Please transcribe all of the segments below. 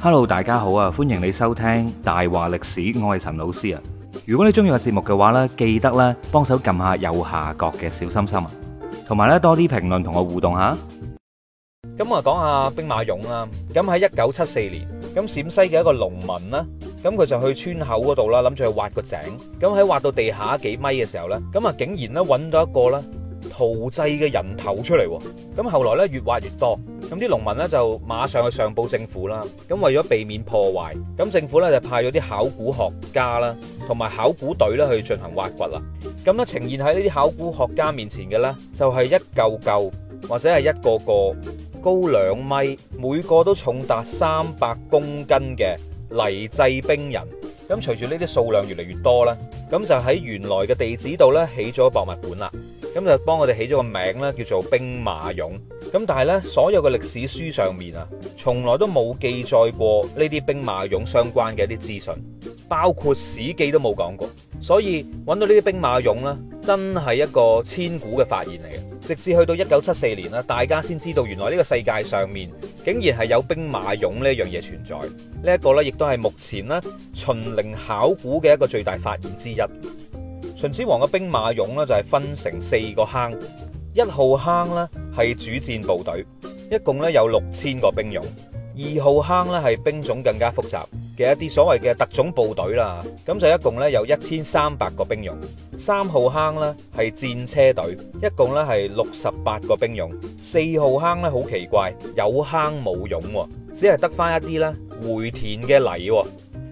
Hello，大家好啊！歡迎你收聽大話歷史，我係陳老師啊。如果你中意個節目嘅話呢，記得咧幫手撳下右下角嘅小心心啊，同埋咧多啲評論同我互動下。咁我講下兵馬俑啊。咁喺一九七四年，咁陝西嘅一個農民啦，咁佢就去村口嗰度啦，諗住去挖個井。咁喺挖到地下幾米嘅時候呢，咁啊竟然揾到一個啦。陶製嘅人頭出嚟喎，咁後來咧越挖越多，咁啲農民呢就馬上去上報政府啦。咁為咗避免破壞，咁政府呢就派咗啲考古學家啦，同埋考古隊呢去進行挖掘啦。咁呢呈現喺呢啲考古學家面前嘅呢，就係、是、一嚿嚿或者係一個個高兩米，每個都重達三百公斤嘅泥製兵人。咁隨住呢啲數量越嚟越多啦，咁就喺原來嘅地址度呢起咗博物館啦。咁就幫我哋起咗個名咧，叫做兵馬俑。咁但係呢，所有嘅歷史書上面啊，從來都冇記載過呢啲兵馬俑相關嘅一啲資訊，包括史記都冇講過。所以揾到呢啲兵馬俑呢，真係一個千古嘅發現嚟嘅。直至去到一九七四年啦，大家先知道原來呢個世界上面竟然係有兵馬俑呢樣嘢存在。呢一個呢，亦都係目前呢，秦陵考古嘅一個最大發現之一。秦始皇嘅兵馬俑咧就係分成四個坑，一號坑咧係主戰部隊，一共咧有六千個兵俑；二號坑咧係兵種更加複雜嘅一啲所謂嘅特種部隊啦，咁就一共咧有一千三百個兵俑；三號坑咧係戰車隊，一共咧係六十八個兵俑；四號坑咧好奇怪，有坑冇俑，只係得翻一啲咧回填嘅泥，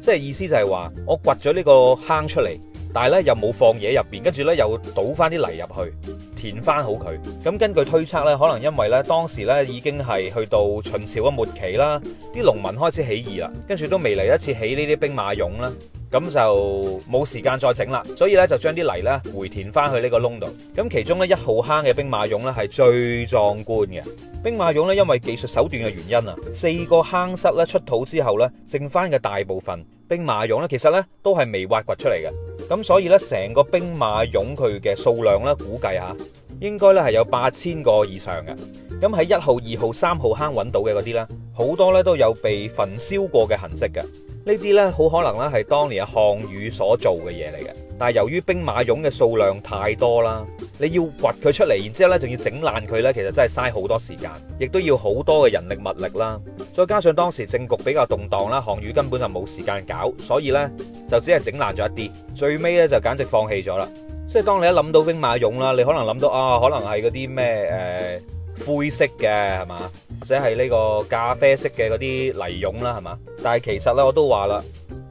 即係意思就係話我掘咗呢個坑出嚟。但係咧又冇放嘢入面，跟住咧又倒翻啲泥入去，填翻好佢。咁根據推測咧，可能因為咧當時咧已經係去到秦朝嘅末期啦，啲農民開始起義啦，跟住都未嚟一次起呢啲兵馬俑啦。咁就冇時間再整啦，所以咧就將啲泥呢回填翻去呢個窿度。咁其中呢，一號坑嘅兵馬俑呢係最壯觀嘅。兵馬俑呢，因為技術手段嘅原因啊，四個坑室呢出土之後呢，剩翻嘅大部分兵馬俑呢，其實呢都係未挖掘出嚟嘅。咁所以呢，成個兵馬俑佢嘅數量呢，估計吓，應該呢係有八千個以上嘅。咁喺一號、二號、三號坑揾到嘅嗰啲呢，好多呢都有被焚燒過嘅痕跡嘅。呢啲呢，好可能呢，係當年嘅項羽所做嘅嘢嚟嘅，但係由於兵馬俑嘅數量太多啦，你要掘佢出嚟，然之後呢，仲要整爛佢呢，其實真係嘥好多時間，亦都要好多嘅人力物力啦。再加上當時政局比較動盪啦，項羽根本就冇時間搞，所以呢，就只係整爛咗一啲，最尾呢，就簡直放棄咗啦。所以當你一諗到兵馬俑啦，你可能諗到啊，可能係嗰啲咩誒灰色嘅係嘛，或者係呢個咖啡色嘅嗰啲泥俑啦係嘛。但係其實咧，我都話啦，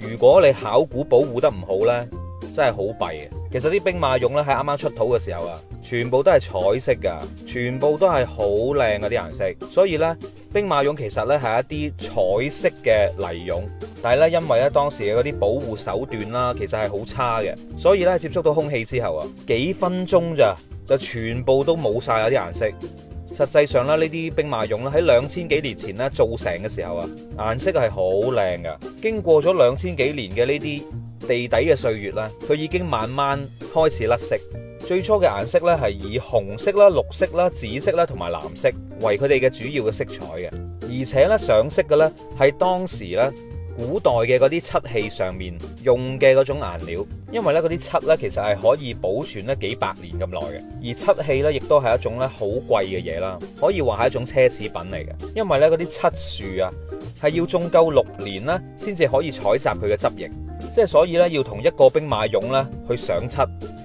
如果你考古保護得唔好呢，真係好弊嘅。其實啲兵馬俑呢，喺啱啱出土嘅時候啊，全部都係彩色嘅，全部都係好靚嗰啲顏色。所以呢，兵馬俑其實呢係一啲彩色嘅泥俑，但係呢，因為咧當時嘅嗰啲保護手段啦，其實係好差嘅，所以呢，接觸到空氣之後啊，幾分鐘咋就全部都冇晒嗰啲顏色。實際上啦，呢啲兵馬俑啦喺兩千幾年前咧造成嘅時候啊，顏色係好靚㗎。經過咗兩千幾年嘅呢啲地底嘅歲月咧，佢已經慢慢開始甩色。最初嘅顏色咧係以紅色啦、綠色啦、紫色啦同埋藍色為佢哋嘅主要嘅色彩嘅，而且咧上色嘅咧係當時咧，古代嘅嗰啲漆器上面用嘅嗰種顏料，因為咧嗰啲漆咧其實係可以保存得幾百年咁耐嘅。而漆器咧亦都係一種咧好貴嘅嘢啦，可以話係一種奢侈品嚟嘅。因為咧嗰啲漆樹啊係要種夠六年咧，先至可以採集佢嘅汁液，即係所以咧要同一個兵馬俑咧去上漆，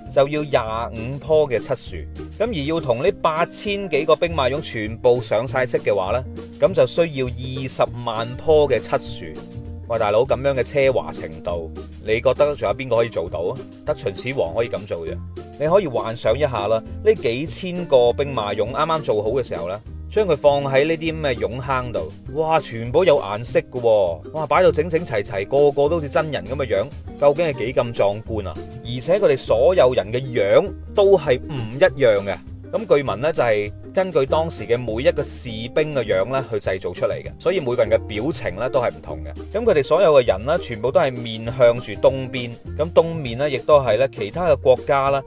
就要廿五棵嘅漆樹，咁而要同呢八千幾個兵馬俑全部上晒色嘅話咧，咁就需要二十萬棵嘅漆樹。喂，大佬，咁樣嘅奢華程度，你覺得仲有邊個可以做到啊？得秦始皇可以咁做嘅。你可以幻想一下啦，呢幾千個兵馬俑啱啱做好嘅時候呢，將佢放喺呢啲咩俑坑度，哇，全部有顏色嘅，哇，擺到整整齊齊，個個都似真人咁嘅樣，究竟係幾咁壯觀啊？而且佢哋所有人嘅樣都係唔一樣嘅。咁據聞咧，就係根據當時嘅每一個士兵嘅樣咧，去製造出嚟嘅，所以每個人嘅表情咧都係唔同嘅。咁佢哋所有嘅人咧，全部都係面向住東邊，咁東面咧亦都係咧其他嘅國家啦，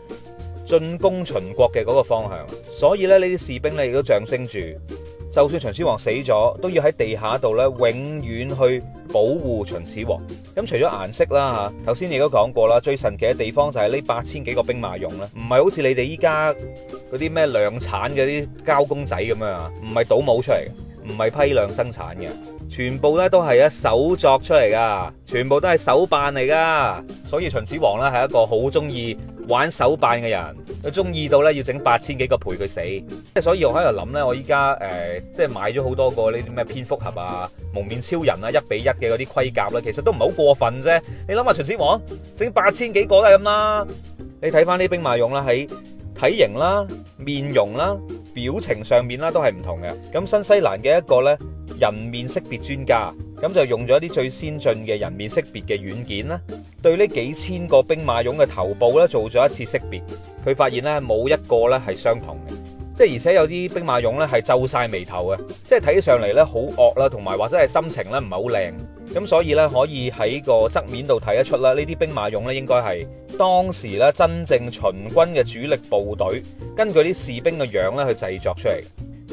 進攻秦國嘅嗰個方向。所以咧，呢啲士兵咧亦都象徵住，就算秦始皇死咗，都要喺地下度咧永遠去。保護秦始皇咁，除咗顏色啦嚇，頭先你都講過啦，最神奇嘅地方就係呢八千幾個兵馬俑咧，唔係好似你哋依家嗰啲咩量產嗰啲膠公仔咁樣，唔係倒模出嚟嘅，唔係批量生產嘅。全部咧都係一手作出嚟噶，全部都係手辦嚟噶，所以秦始皇咧係一個好中意玩手辦嘅人，佢中意到咧要整八千幾個陪佢死，即係所以我喺度諗咧，我依家誒即係買咗好多個呢啲咩蝙蝠俠啊、蒙面超人啊、一比一嘅嗰啲盔甲啦，其實都唔係好過分啫。你諗下秦始皇整八千幾個都係咁啦，你睇翻啲兵馬俑啦，喺體型啦、面容啦、表情上面啦都係唔同嘅。咁新西蘭嘅一個咧。人面識別專家咁就用咗啲最先進嘅人面識別嘅軟件啦，對呢幾千個兵馬俑嘅頭部呢做咗一次識別，佢發現呢冇一個呢係相同嘅，即係而且有啲兵馬俑呢係皺晒眉頭嘅，即係睇上嚟呢好惡啦，同埋或者係心情呢唔係好靚，咁所以呢，可以喺個側面度睇得出啦，呢啲兵馬俑呢應該係當時呢真正秦軍嘅主力部隊，根據啲士兵嘅樣呢去製作出嚟。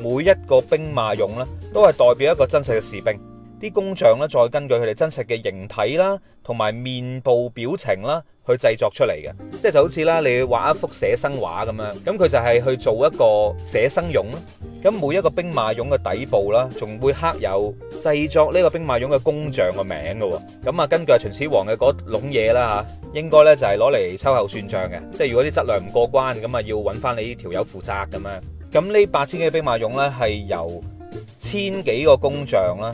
每一個兵馬俑咧，都係代表一個真實嘅士兵，啲工匠咧再根據佢哋真實嘅形體啦，同埋面部表情啦，去製作出嚟嘅，即係就好似啦，你畫一幅寫生畫咁樣，咁佢就係去做一個寫生俑啦。咁每一個兵馬俑嘅底部啦，仲會刻有製作呢個兵馬俑嘅工匠嘅名噶。咁啊，根據秦始皇嘅嗰籠嘢啦吓，應該咧就係攞嚟秋後算賬嘅，即係如果啲質量唔過關，咁啊要揾翻你呢條友負責咁啊。咁呢八千幾嘅兵馬俑呢，係由千幾個工匠啦，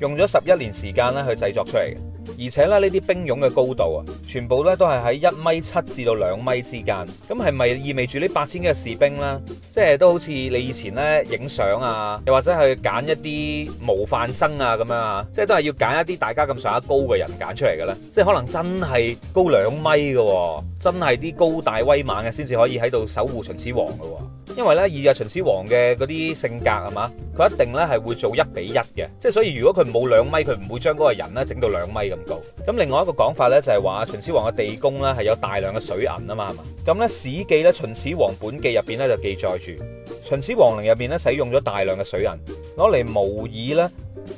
用咗十一年時間咧去製作出嚟。而且咧，呢啲兵俑嘅高度啊，全部咧都係喺一米七至到兩米之間。咁係咪意味住呢八千幾嘅士兵啦？即係都好似你以前呢影相啊，又或者去揀一啲模範生啊咁樣啊，即係都係要揀一啲大家咁上下高嘅人揀出嚟嘅咧？即係可能真係高兩米嘅，啊，真係啲高大威猛嘅先至可以喺度守護秦始皇嘅。因為呢，以啊，秦始皇嘅嗰啲性格係嘛，佢一定呢係會做一比一嘅，即係所以如果佢冇兩米，佢唔會將嗰個人呢整到兩米咁高。咁另外一個講法呢，就係話秦始皇嘅地宮呢係有大量嘅水銀啊嘛，係嘛，咁呢《史記》呢，《秦始皇本紀》入邊呢就記載住秦始皇陵入邊呢使用咗大量嘅水銀，攞嚟模擬呢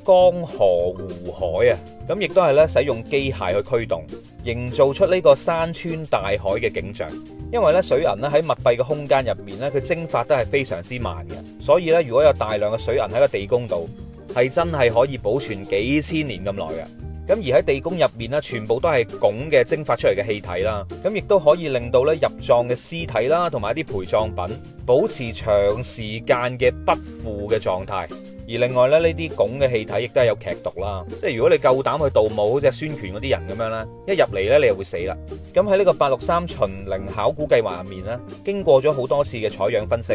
江河湖海啊。咁亦都係咧，使用機械去驅動，營造出呢個山川大海嘅景象。因為咧水銀咧喺密閉嘅空間入面咧，佢蒸發得係非常之慢嘅。所以咧，如果有大量嘅水銀喺個地宮度，係真係可以保存幾千年咁耐嘅。咁而喺地宮入面咧，全部都係汞嘅蒸發出嚟嘅氣體啦。咁亦都可以令到咧入葬嘅屍體啦，同埋一啲陪葬品，保持長時間嘅不腐嘅狀態。而另外咧，呢啲汞嘅氣體亦都係有劇毒啦。即係如果你夠膽去盜墓，好似孫權嗰啲人咁樣啦，一入嚟呢你就會死啦。咁喺呢個八六三秦陵考古計劃入面呢，經過咗好多次嘅採樣分析。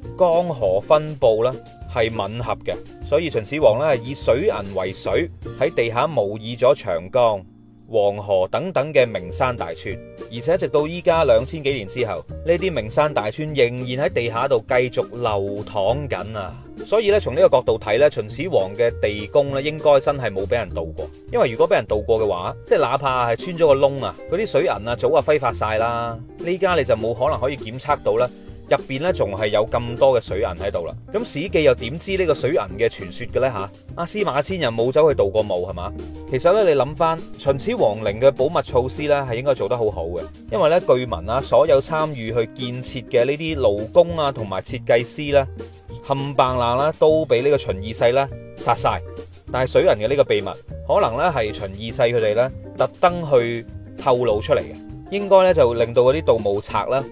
江河分布咧，係吻合嘅，所以秦始皇咧以水銀為水喺地下模擬咗長江、黃河等等嘅名山大川，而且直到依家兩千幾年之後，呢啲名山大川仍然喺地下度繼續流淌緊啊！所以咧，從呢個角度睇咧，秦始皇嘅地宮咧應該真係冇俾人盜過，因為如果俾人盜過嘅話，即係哪怕係穿咗個窿啊，嗰啲水銀啊早啊揮發晒啦，呢家你就冇可能可以檢測到啦。入邊咧仲係有咁多嘅水銀喺度啦，咁史記又點知呢個水銀嘅傳說嘅咧吓？阿、啊、司馬遷又冇走去盜過墓係嘛？其實呢，你諗翻秦始皇陵嘅保密措施呢，係應該做得好好嘅，因為呢據聞啊，所有參與去建設嘅呢啲勞工啊同埋設計師呢，冚唪冷啦都俾呢個秦二世呢殺晒，但係水銀嘅呢個秘密可能呢係秦二世佢哋呢特登去透露出嚟嘅，應該呢就令到嗰啲盜墓賊啦。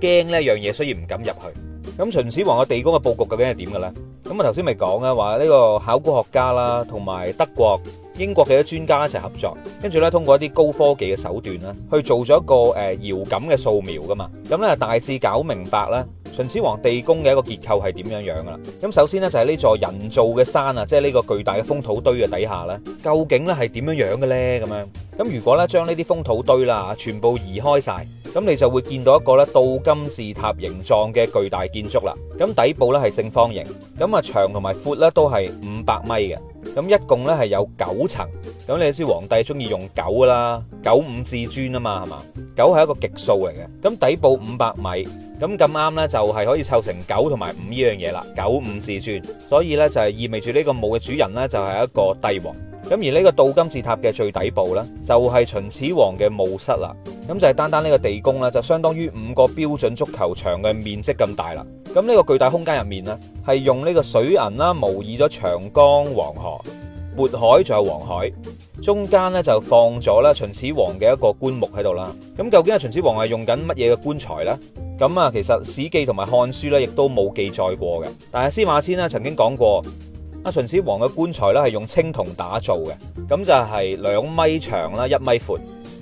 驚呢一樣嘢，雖然唔敢入去。咁秦始皇嘅地宮嘅布局究竟係點嘅咧？咁我頭先咪講啦，話呢個考古學家啦，同埋德國、英國嘅一啲專家一齊合作，跟住咧通過一啲高科技嘅手段啦，去做咗一個誒遙感嘅掃描噶嘛。咁咧大致搞明白啦，秦始皇地宮嘅一個結構係點樣樣噶啦。咁首先咧就係呢座人造嘅山啊，即係呢個巨大嘅封土堆嘅底下咧，究竟咧係點樣樣嘅咧？咁樣咁如果咧將呢啲封土堆啦全部移開晒。咁你就會見到一個咧倒金字塔形狀嘅巨大建築啦。咁底部咧係正方形，咁啊長同埋闊咧都係五百米嘅。咁一共咧係有九層。咁你知皇帝中意用九㗎啦，九五至尊啊嘛，係咪？九係一個極數嚟嘅。咁底部五百米，咁咁啱咧就係可以湊成九同埋五呢樣嘢啦，九五至尊。所以咧就係意味住呢個墓嘅主人咧就係一個帝王。咁而呢個倒金字塔嘅最底部呢，就係、是、秦始皇嘅墓室啦。咁就係單單呢個地宮呢，就相當於五個標準足球場嘅面積咁大啦。咁呢個巨大空間入面呢，係用呢個水銀啦，模擬咗長江、黃河、渤海仲有黃海。中間呢，就放咗啦秦始皇嘅一個棺木喺度啦。咁究竟係秦始皇係用緊乜嘢嘅棺材呢？咁啊，其實《史記》同埋《漢書》呢，亦都冇記載過嘅。但係司馬遷呢，曾經講過。秦始皇嘅棺材咧係用青銅打造嘅，咁就係兩米長啦，一米闊。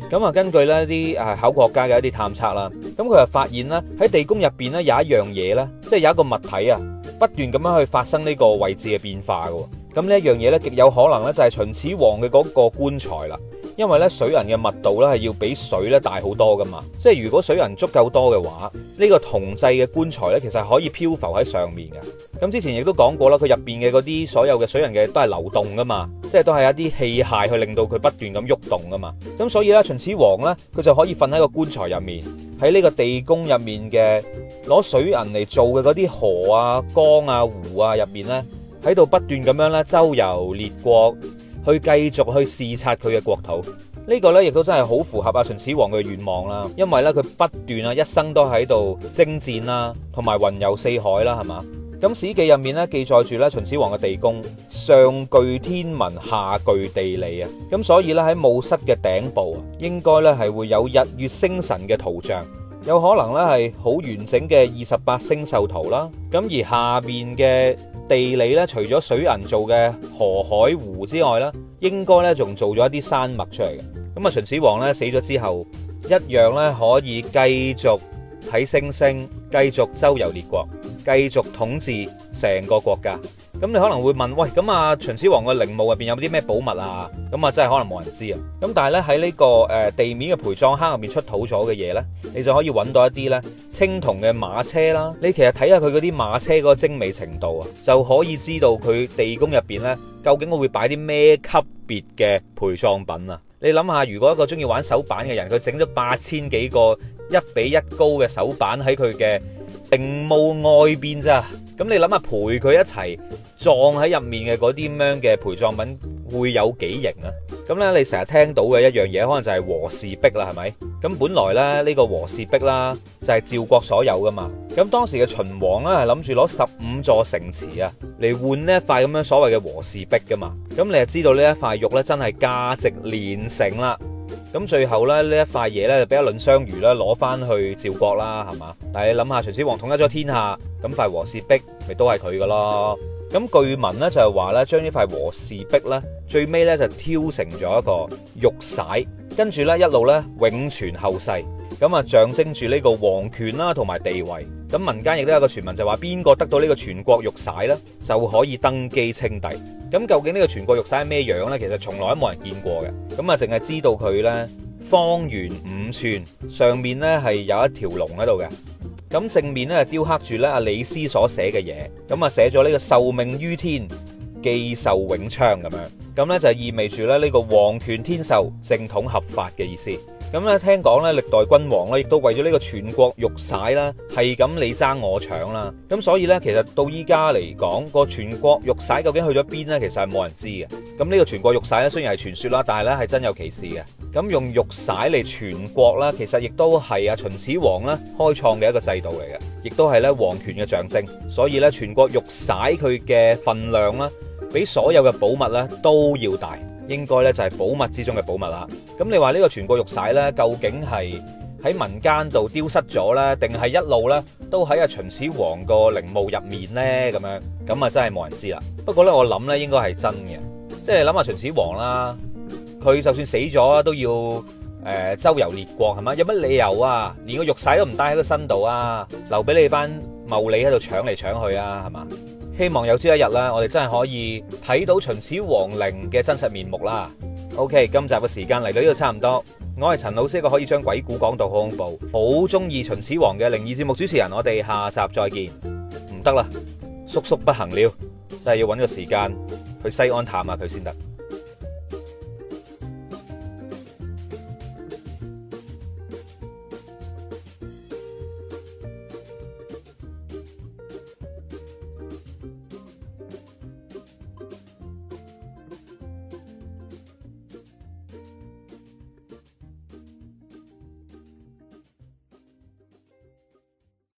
咁啊，根據呢啲誒考古學家嘅一啲探測啦，咁佢就發現咧喺地宮入邊咧有一樣嘢咧，即係有一個物體啊，不斷咁樣去發生呢個位置嘅變化㗎。咁呢一樣嘢咧極有可能咧就係秦始皇嘅嗰個棺材啦。因為咧水銀嘅密度咧係要比水咧大好多噶嘛，即係如果水銀足夠多嘅話，呢個銅製嘅棺材咧其實可以漂浮喺上面嘅。咁之前亦都講過啦，佢入邊嘅嗰啲所有嘅水銀嘅都係流動噶嘛，即係都係一啲器械去令到佢不斷咁喐動噶嘛。咁所以咧秦始皇咧佢就可以瞓喺個棺材入面，喺呢個地宮入面嘅攞水銀嚟做嘅嗰啲河啊、江啊、湖啊入邊咧喺度不斷咁樣咧周遊列國。去繼續去視察佢嘅國土，呢、這個呢亦都真係好符合阿秦始皇嘅願望啦。因為呢，佢不斷啊一生都喺度征戰啦，同埋雲遊四海啦，係嘛？咁《史記》入面呢，記載住呢秦始皇嘅地宮上具天文，下具地理啊。咁所以呢，喺墓室嘅頂部啊，應該呢係會有日月星辰嘅圖像，有可能呢係好完整嘅二十八星宿圖啦。咁而下面嘅地理咧，除咗水銀做嘅河海湖之外啦，應該咧仲做咗一啲山脈出嚟嘅。咁啊，秦始皇咧死咗之後，一樣咧可以繼續睇星星，繼續周遊列國，繼續統治成個國家。咁你可能會問，喂，咁啊秦始皇嘅陵墓入邊有啲咩寶物啊？咁啊真係可能冇人知啊。咁但係呢，喺呢、呢個誒、呃、地面嘅陪葬坑入面出土咗嘅嘢呢，你就可以揾到一啲呢青銅嘅馬車啦。你其實睇下佢嗰啲馬車嗰個精美程度啊，就可以知道佢地宮入邊呢，究竟會擺啲咩級別嘅陪葬品啊。你諗下，如果一個中意玩手板嘅人，佢整咗八千幾個一比一高嘅手板喺佢嘅陵墓外邊咋？咁你諗下陪佢一齊葬喺入面嘅嗰啲咁樣嘅陪葬品會有幾型啊？咁呢，你成日聽到嘅一樣嘢，可能就係和氏璧啦，係咪？咁本來咧呢個和氏璧啦，就係趙國所有噶嘛。咁當時嘅秦王呢，係諗住攞十五座城池啊嚟換呢一塊咁樣所謂嘅和氏璧噶嘛。咁你就知道呢一塊玉咧，真係價值連城啦。咁最後咧呢一塊嘢咧就俾阿藺相如咧攞翻去趙國啦，係嘛？但係你諗下秦始皇統一咗天下，咁塊和氏璧咪都係佢噶咯？咁據聞咧就係話咧將呢塊和氏璧咧最尾咧就挑成咗一個玉璽，跟住咧一路咧永傳後世。咁啊，象徵住呢個皇權啦，同埋地位。咁民間亦都有個傳聞，就話邊個得到呢個全國玉璽呢，就可以登基稱帝。咁究竟呢個全國玉璽係咩樣呢？其實從來都冇人見過嘅。咁啊，淨係知道佢呢，方圓五寸，上面呢係有一條龍喺度嘅。咁正面呢雕刻住呢阿李斯所寫嘅嘢。咁啊、這個，寫咗呢個受命於天，既壽永昌咁樣。咁呢，就意味住咧呢個皇權天授，正統合法嘅意思。咁咧，聽講咧，歷代君王咧，亦都為咗呢個傳國玉璽啦，係咁你爭我搶啦。咁所以咧，其實到依家嚟講，個傳國玉璽究竟去咗邊咧，其實係冇人知嘅。咁呢個傳國玉璽咧，雖然係傳說啦，但係咧係真有其事嘅。咁用玉璽嚟傳國啦，其實亦都係阿秦始皇咧開創嘅一個制度嚟嘅，亦都係咧皇權嘅象徵。所以咧，傳國玉璽佢嘅份量咧，比所有嘅寶物咧都要大。應該咧就係寶物之中嘅寶物啦。咁你話呢個傳國玉璽咧，究竟係喺民間度丟失咗咧，定係一路咧都喺啊秦始皇個陵墓入面咧？咁樣咁啊真係冇人知啦。不過咧，我諗咧應該係真嘅，即係你諗下秦始皇啦，佢就算死咗都要誒周遊列國係嘛？有乜理由啊？連個玉璽都唔帶喺個身度啊？留俾你班茂利喺度搶嚟搶去啊？係嘛？希望有朝一日啦，我哋真係可以睇到秦始皇陵嘅真實面目啦。OK，今集嘅時間嚟到呢度差唔多，我係陳老師，一個可以將鬼故講到好恐怖，好中意秦始皇嘅靈異節目主持人。我哋下集再見。唔得啦，叔叔不行了，就係要揾個時間去西安探下佢先得。